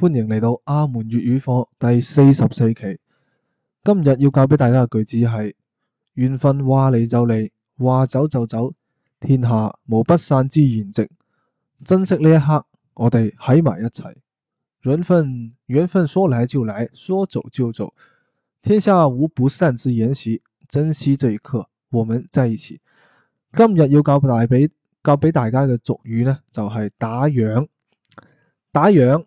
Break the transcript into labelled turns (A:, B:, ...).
A: 歡迎嚟到阿門粵語課第四十四期。今日要教俾大家嘅句子係：緣分話嚟就嚟，話走就走，天下無不散之筵席。珍惜呢一刻，我哋喺埋一齊。緣分緣分說來就來，說走就走，天下無不散之筵席。珍惜這一刻，我們在一起。今日要教大俾教俾大家嘅俗語呢，就係、是、打烊，打烊。